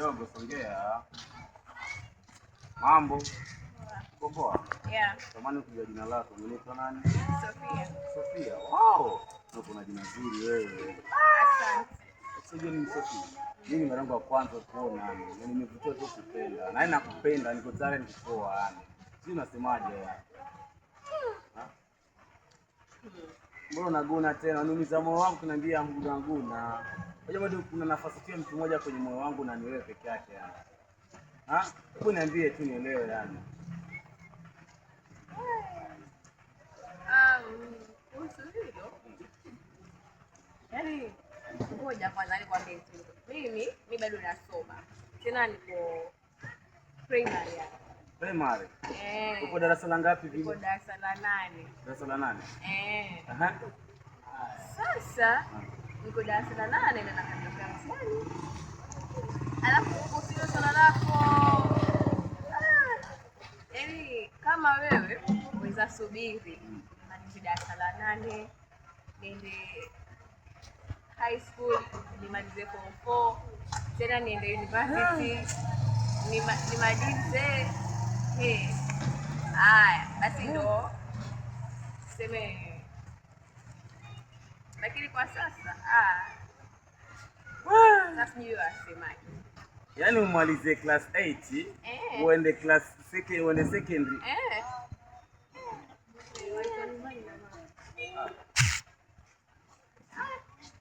kidogo, songea mambo komboa. Yeah. Tamani kujua jina lako, unaitwa nani? Sofia. Sofia. Wow. jina zuri wewe. Asante. ni Sofia. Mimi mara yangu ya kwanza kuona, yani nimevutiwa tu kupenda. Na niko tayari yani. unasemaje Mbona unaguna tena? moyo wangu kuniambia nguna nguna. Unajua bado kuna nafasi pia mtu mmoja kwenye moyo wangu na ni wewe peke yake yani. Ha? hebu niambie tu nielewe yani. Yaani ngoja kwanza nikwambie Mimi mi bado nasoma. Tena niko primary Primary. Eh. Uko darasa la ngapi vile? Uko darasa la nane. Darasa la nane? Eh. Aha. Sasa, ha. Ah niko darasa la nane na alafu usio swala lako ah, yaani, kama wewe weza subiri nimalize darasa la nane niende high school nimalize form four tena niende university nimalize. Haya basi ndo seme lakini kwa sasa asemaje? Ah. Ah. Yaani umalize class 8 eh, uende class second, uende secondary eh.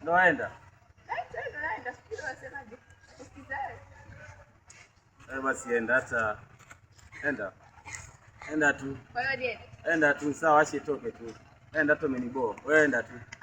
Ndo aenda eh, eh, basi, enda hata enda enda tu, enda tu sawa, ache tu, enda tu menibo, wewe enda tu